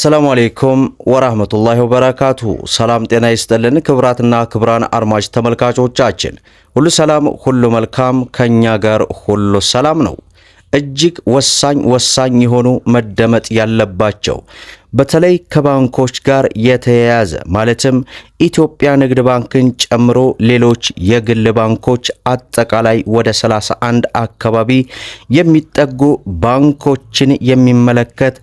ሰላሙ አሌይኩም ወራህመቱላሂ ወበረካቱ። ሰላም ጤና ይስጥልን። ክብራትና ክብራን አድማጭ ተመልካቾቻችን ሁሉ ሰላም፣ ሁሉ መልካም፣ ከእኛ ጋር ሁሉ ሰላም ነው። እጅግ ወሳኝ ወሳኝ የሆኑ መደመጥ ያለባቸው በተለይ ከባንኮች ጋር የተያያዘ ማለትም ኢትዮጵያ ንግድ ባንክን ጨምሮ ሌሎች የግል ባንኮች አጠቃላይ ወደ 31 አካባቢ የሚጠጉ ባንኮችን የሚመለከት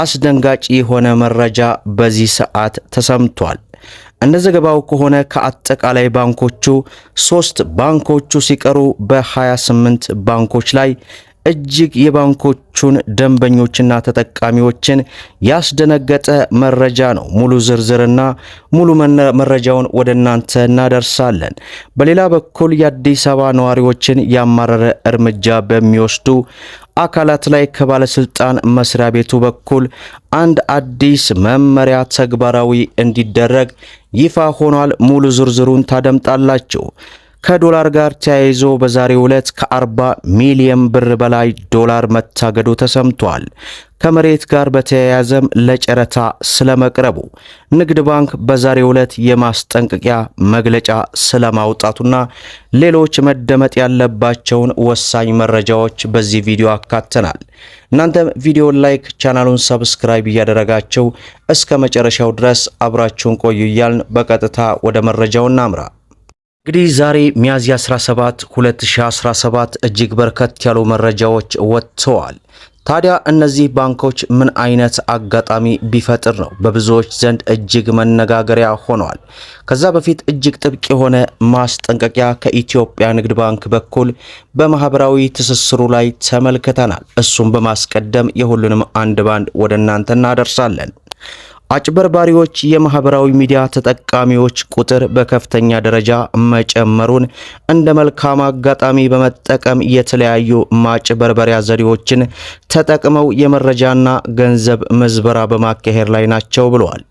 አስደንጋጭ የሆነ መረጃ በዚህ ሰዓት ተሰምቷል። እንደ ዘገባው ከሆነ ከአጠቃላይ ባንኮቹ ሶስት ባንኮቹ ሲቀሩ በ28 ባንኮች ላይ እጅግ የባንኮቹን ደንበኞችና ተጠቃሚዎችን ያስደነገጠ መረጃ ነው። ሙሉ ዝርዝርና ሙሉ መረጃውን ወደ እናንተ እናደርሳለን። በሌላ በኩል የአዲስ አበባ ነዋሪዎችን ያማረረ እርምጃ በሚወስዱ አካላት ላይ ከባለስልጣን መስሪያ ቤቱ በኩል አንድ አዲስ መመሪያ ተግባራዊ እንዲደረግ ይፋ ሆኗል። ሙሉ ዝርዝሩን ታደምጣላችሁ። ከዶላር ጋር ተያይዞ በዛሬው ዕለት ከ40 ሚሊዮን ብር በላይ ዶላር መታገዱ ተሰምቷል። ከመሬት ጋር በተያያዘም ለጨረታ ስለመቅረቡ ንግድ ባንክ በዛሬው ዕለት የማስጠንቀቂያ መግለጫ ስለማውጣቱና ሌሎች መደመጥ ያለባቸውን ወሳኝ መረጃዎች በዚህ ቪዲዮ አካተናል። እናንተም ቪዲዮን ላይክ፣ ቻናሉን ሰብስክራይብ እያደረጋቸው እስከ መጨረሻው ድረስ አብራችሁን ቆዩ እያልን በቀጥታ ወደ መረጃው እናምራ። እንግዲህ ዛሬ ሚያዝያ 17 2017 እጅግ በርከት ያሉ መረጃዎች ወጥተዋል። ታዲያ እነዚህ ባንኮች ምን አይነት አጋጣሚ ቢፈጥር ነው በብዙዎች ዘንድ እጅግ መነጋገሪያ ሆነዋል? ከዛ በፊት እጅግ ጥብቅ የሆነ ማስጠንቀቂያ ከኢትዮጵያ ንግድ ባንክ በኩል በማህበራዊ ትስስሩ ላይ ተመልክተናል። እሱም በማስቀደም የሁሉንም አንድ ባንድ ወደ እናንተ እናደርሳለን። አጭበርባሪዎች የማህበራዊ ሚዲያ ተጠቃሚዎች ቁጥር በከፍተኛ ደረጃ መጨመሩን እንደ መልካም አጋጣሚ በመጠቀም የተለያዩ ማጭበርበሪያ ዘዴዎችን ተጠቅመው የመረጃና ገንዘብ ምዝበራ በማካሄድ ላይ ናቸው ብለዋል።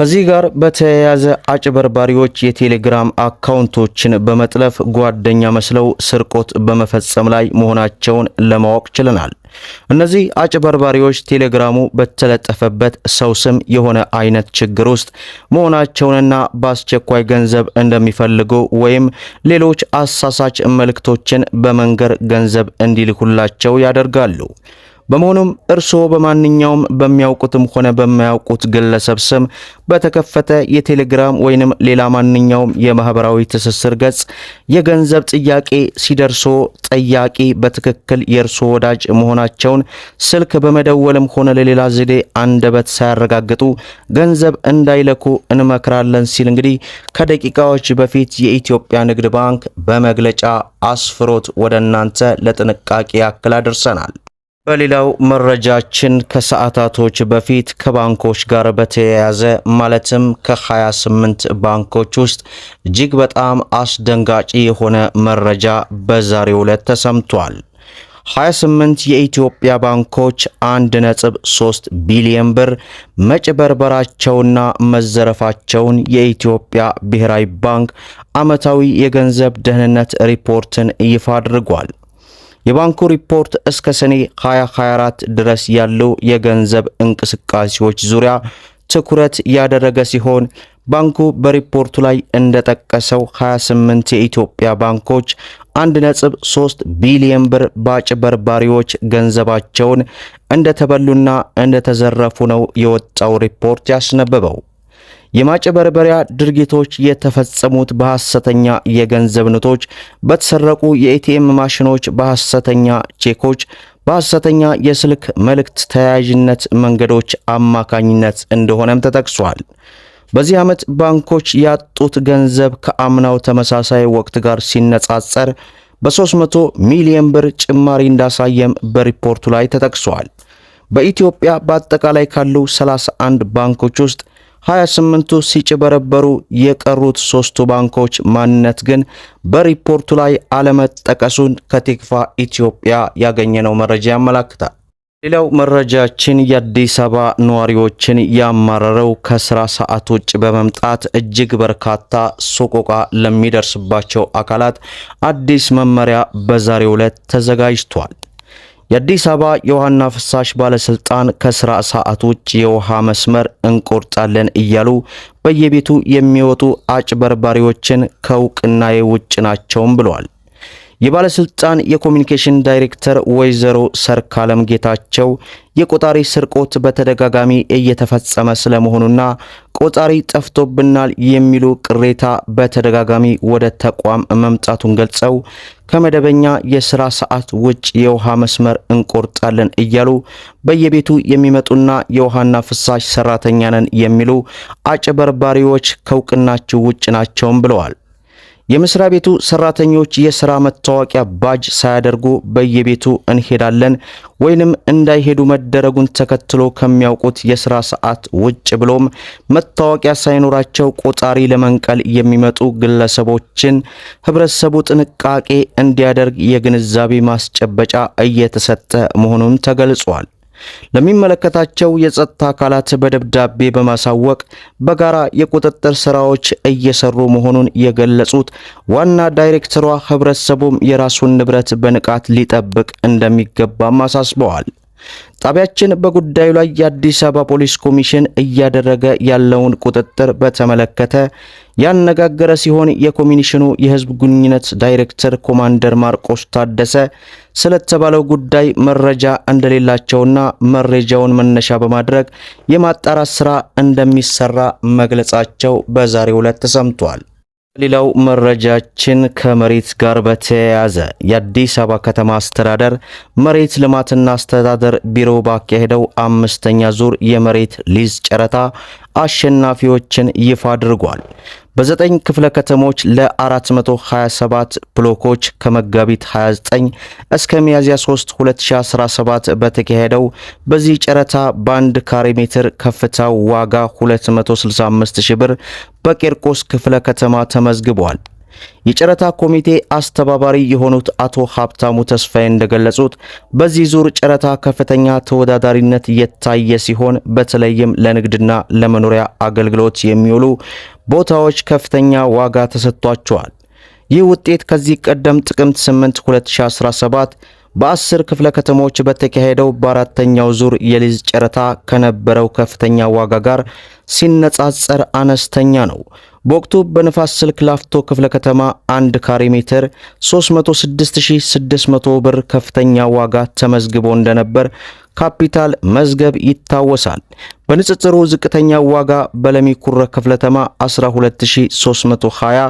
ከዚህ ጋር በተያያዘ አጭበርባሪዎች የቴሌግራም አካውንቶችን በመጥለፍ ጓደኛ መስለው ስርቆት በመፈጸም ላይ መሆናቸውን ለማወቅ ችለናል። እነዚህ አጭበርባሪዎች ቴሌግራሙ በተለጠፈበት ሰው ስም የሆነ አይነት ችግር ውስጥ መሆናቸውንና በአስቸኳይ ገንዘብ እንደሚፈልጉ ወይም ሌሎች አሳሳች መልእክቶችን በመንገር ገንዘብ እንዲልኩላቸው ያደርጋሉ። በመሆኑም እርስዎ በማንኛውም በሚያውቁትም ሆነ በማያውቁት ግለሰብ ስም በተከፈተ የቴሌግራም ወይንም ሌላ ማንኛውም የማህበራዊ ትስስር ገጽ የገንዘብ ጥያቄ ሲደርሶ ጠያቂ በትክክል የእርስዎ ወዳጅ መሆናቸውን ስልክ በመደወልም ሆነ ለሌላ ዘዴ አንደበት ሳያረጋግጡ ገንዘብ እንዳይለኩ እንመክራለን ሲል እንግዲህ ከደቂቃዎች በፊት የኢትዮጵያ ንግድ ባንክ በመግለጫ አስፍሮት ወደ እናንተ ለጥንቃቄ ያክል አድርሰናል። በሌላው መረጃችን ከሰዓታቶች በፊት ከባንኮች ጋር በተያያዘ ማለትም ከ28 ባንኮች ውስጥ እጅግ በጣም አስደንጋጭ የሆነ መረጃ በዛሬው ዕለት ተሰምቷል። 28 የኢትዮጵያ ባንኮች 1.3 ቢሊዮን ብር መጭበርበራቸውና መዘረፋቸውን የኢትዮጵያ ብሔራዊ ባንክ ዓመታዊ የገንዘብ ደህንነት ሪፖርትን ይፋ አድርጓል። የባንኩ ሪፖርት እስከ ሰኔ 2024 ድረስ ያለው የገንዘብ እንቅስቃሴዎች ዙሪያ ትኩረት ያደረገ ሲሆን ባንኩ በሪፖርቱ ላይ እንደጠቀሰው 28 የኢትዮጵያ ባንኮች 1.3 ቢሊዮን ብር በአጭበርባሪዎች ገንዘባቸውን እንደተበሉና እንደተዘረፉ ነው የወጣው ሪፖርት ያስነበበው። የማጭበርበሪያ ድርጊቶች የተፈጸሙት በሐሰተኛ የገንዘብ ኖቶች፣ በተሰረቁ የኤቲኤም ማሽኖች፣ በሐሰተኛ ቼኮች፣ በሐሰተኛ የስልክ መልእክት ተያያዥነት መንገዶች አማካኝነት እንደሆነም ተጠቅሷል። በዚህ ዓመት ባንኮች ያጡት ገንዘብ ከአምናው ተመሳሳይ ወቅት ጋር ሲነጻጸር በ300 ሚሊዮን ብር ጭማሪ እንዳሳየም በሪፖርቱ ላይ ተጠቅሷል። በኢትዮጵያ በአጠቃላይ ካሉ 31 ባንኮች ውስጥ 28ቱ ሲጭበረበሩ የቀሩት ሶስቱ ባንኮች ማንነት ግን በሪፖርቱ ላይ አለመጠቀሱን ከቴክፋ ኢትዮጵያ ያገኘነው መረጃ ያመላክታል። ሌላው መረጃችን የአዲስ አበባ ነዋሪዎችን ያማረረው ከስራ ሰዓት ውጭ በመምጣት እጅግ በርካታ ሶቆቃ ለሚደርስባቸው አካላት አዲስ መመሪያ በዛሬው ዕለት ተዘጋጅቷል። የአዲስ አበባ የውሃና ፍሳሽ ባለስልጣን ከስራ ሰዓት ውጭ የውሃ መስመር እንቆርጣለን እያሉ በየቤቱ የሚወጡ አጭበርባሪዎችን ከእውቅናዬ ውጭ ናቸውም ብለዋል። የባለስልጣን የኮሚኒኬሽን ዳይሬክተር ወይዘሮ ሰርካለም ጌታቸው የቆጣሪ ስርቆት በተደጋጋሚ እየተፈጸመ ስለመሆኑና ቆጣሪ ጠፍቶብናል የሚሉ ቅሬታ በተደጋጋሚ ወደ ተቋም መምጣቱን ገልጸው ከመደበኛ የስራ ሰዓት ውጭ የውሃ መስመር እንቆርጣለን እያሉ በየቤቱ የሚመጡና የውሃና ፍሳሽ ሰራተኛ ነን የሚሉ አጭበርባሪዎች ከእውቅናችሁ ውጭ ናቸውም ብለዋል። የመስሪያ ቤቱ ሰራተኞች የስራ መታወቂያ ባጅ ሳያደርጉ በየቤቱ እንሄዳለን ወይንም እንዳይሄዱ መደረጉን ተከትሎ ከሚያውቁት የስራ ሰዓት ውጭ ብሎም መታወቂያ ሳይኖራቸው ቆጣሪ ለመንቀል የሚመጡ ግለሰቦችን ህብረተሰቡ ጥንቃቄ እንዲያደርግ የግንዛቤ ማስጨበጫ እየተሰጠ መሆኑን ተገልጿል። ለሚመለከታቸው የጸጥታ አካላት በደብዳቤ በማሳወቅ በጋራ የቁጥጥር ስራዎች እየሰሩ መሆኑን የገለጹት ዋና ዳይሬክተሯ ህብረተሰቡም የራሱን ንብረት በንቃት ሊጠብቅ እንደሚገባም አሳስበዋል። ጣቢያችን በጉዳዩ ላይ የአዲስ አበባ ፖሊስ ኮሚሽን እያደረገ ያለውን ቁጥጥር በተመለከተ ያነጋገረ ሲሆን የኮሚሽኑ የሕዝብ ግንኙነት ዳይሬክተር ኮማንደር ማርቆስ ታደሰ ስለተባለው ጉዳይ መረጃ እንደሌላቸውና መረጃውን መነሻ በማድረግ የማጣራት ስራ እንደሚሰራ መግለጻቸው በዛሬው ዕለት ተሰምቷል። ሌላው መረጃችን ከመሬት ጋር በተያያዘ የአዲስ አበባ ከተማ አስተዳደር መሬት ልማትና አስተዳደር ቢሮ ባካሄደው አምስተኛ ዙር የመሬት ሊዝ ጨረታ አሸናፊዎችን ይፋ አድርጓል። በዘጠኝ ክፍለ ከተሞች ለ427 ብሎኮች ከመጋቢት 29 እስከ ሚያዝያ 3 2017 በተካሄደው በዚህ ጨረታ በአንድ ካሬ ሜትር ከፍታው ዋጋ 265 ሺ ብር በቂርቆስ ክፍለ ከተማ ተመዝግቧል። የጨረታ ኮሚቴ አስተባባሪ የሆኑት አቶ ሀብታሙ ተስፋዬ እንደገለጹት በዚህ ዙር ጨረታ ከፍተኛ ተወዳዳሪነት የታየ ሲሆን በተለይም ለንግድና ለመኖሪያ አገልግሎት የሚውሉ ቦታዎች ከፍተኛ ዋጋ ተሰጥቷቸዋል። ይህ ውጤት ከዚህ ቀደም ጥቅምት 8 2017 በአስር ክፍለ ከተሞች በተካሄደው በአራተኛው ዙር የሊዝ ጨረታ ከነበረው ከፍተኛ ዋጋ ጋር ሲነጻጸር አነስተኛ ነው። በወቅቱ በንፋስ ስልክ ላፍቶ ክፍለ ከተማ አንድ ካሬ ሜትር 306600 ብር ከፍተኛ ዋጋ ተመዝግቦ እንደነበር ካፒታል መዝገብ ይታወሳል። በንጽጽሩ ዝቅተኛ ዋጋ በለሚ ኩረ ከተማ 12320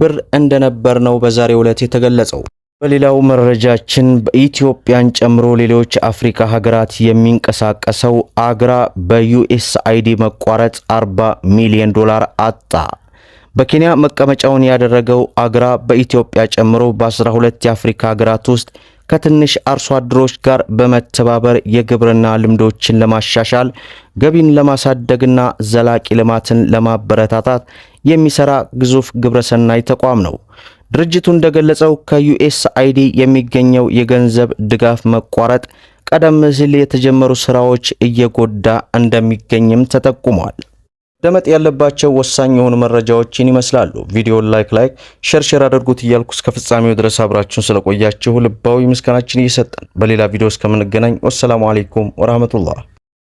ብር እንደነበር ነው በዛሬው ዕለት የተገለጸው። በሌላው መረጃችን በኢትዮጵያን ጨምሮ ሌሎች አፍሪካ ሀገራት የሚንቀሳቀሰው አግራ በዩኤስአይዲ መቋረጥ 40 ሚሊዮን ዶላር አጣ። በኬንያ መቀመጫውን ያደረገው አግራ በኢትዮጵያ ጨምሮ በ12 የአፍሪካ ሀገራት ውስጥ ከትንሽ አርሶ አደሮች ጋር በመተባበር የግብርና ልምዶችን ለማሻሻል ገቢን ለማሳደግና ዘላቂ ልማትን ለማበረታታት የሚሰራ ግዙፍ ግብረሰናይ ተቋም ነው። ድርጅቱ እንደገለጸው ከዩኤስአይዲ የሚገኘው የገንዘብ ድጋፍ መቋረጥ ቀደም ሲል የተጀመሩ ስራዎች እየጎዳ እንደሚገኝም ተጠቁሟል። ደመጥ ያለባቸው ወሳኝ የሆኑ መረጃዎችን ይመስላሉ። ቪዲዮን ላይክ ላይክ ሸርሸር አድርጉት እያልኩ እስከ ፍጻሜው ድረስ አብራችሁን ስለቆያችሁ ልባዊ ምስጋናችን እየሰጠን በሌላ ቪዲዮ እስከምንገናኝ ወሰላሙ አሌይኩም ወራህመቱላህ